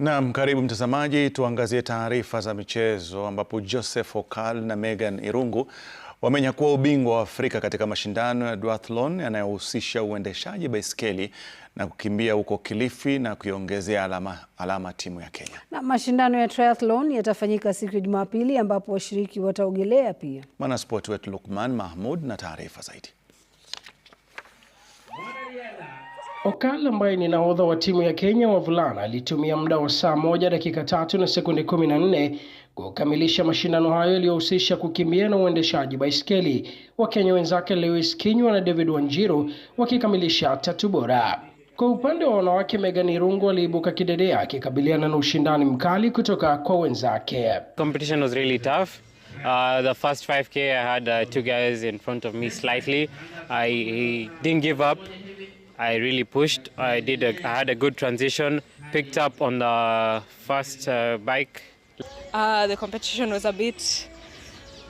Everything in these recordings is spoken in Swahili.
Naam, karibu mtazamaji, tuangazie taarifa za michezo ambapo Joseph Okal na Megan Irungu wamenyakua ubingwa wa Afrika katika mashindano ya duathlon yanayohusisha uendeshaji baiskeli na kukimbia huko Kilifi na kuiongezea alama, alama timu ya Kenya. Na mashindano ya triathlon yatafanyika siku ya Jumapili ambapo washiriki wataogelea pia. Mwanaspoti wetu Lukman Mahmud na taarifa zaidi. Okal ambaye ni nahodha wa timu ya Kenya wavulana alitumia muda wa saa moja dakika tatu na sekunde nne kukamilisha mashindano hayo yaliyohusisha kukimbia na uendeshaji baiskeli. Wakenya wenzake Lewis Kinywa na David Wanjiru wakikamilisha tatu bora. Kwa upande wa wanawake, Megan Irungu aliibuka kidedea akikabiliana na ushindani mkali kutoka kwa wenzake. Competition was really tough. Uh, the first 5K I had uh, two guys in front of me slightly. I didn't give up. I really pushed. I did. A, I had a good transition. Picked up on the first uh, bike. Uh, the competition was a bit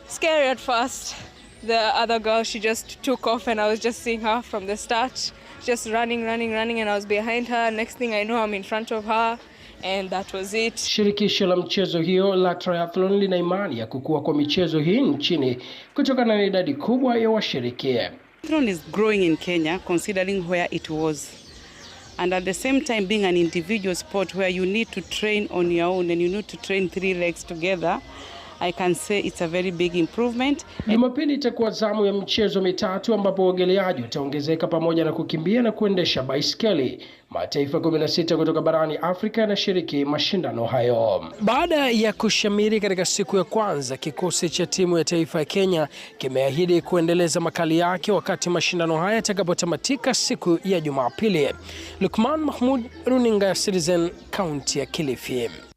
scary at first. The other girl, she just took off, and I was just seeing her from the start, just running, running, running, and I was behind her. Next thing I know, I'm in front of her. And that was it. Shirikisho la mchezo hiyo la triathlon lina imani ya kukua kwa michezo hii nchini kutokana na idadi kubwa ya washiriki. Patron is growing in Kenya considering where it was. And at the same time being an individual sport where you need to train on your own and you need to train three legs together I can say it's a very big improvement. Jumapili itakuwa zamu ya michezo mitatu ambapo uogeleaji utaongezeka pamoja na kukimbia na kuendesha baiskeli. Mataifa 16 kutoka barani Afrika yanashiriki mashindano hayo. Baada ya kushamiri katika siku ya kwanza, kikosi cha timu ya taifa ya Kenya kimeahidi kuendeleza makali yake wakati mashindano haya yatakapotamatika siku ya Jumapili. Lukman Mahmud, runinga ya Citizen, kaunti ya Kilifi.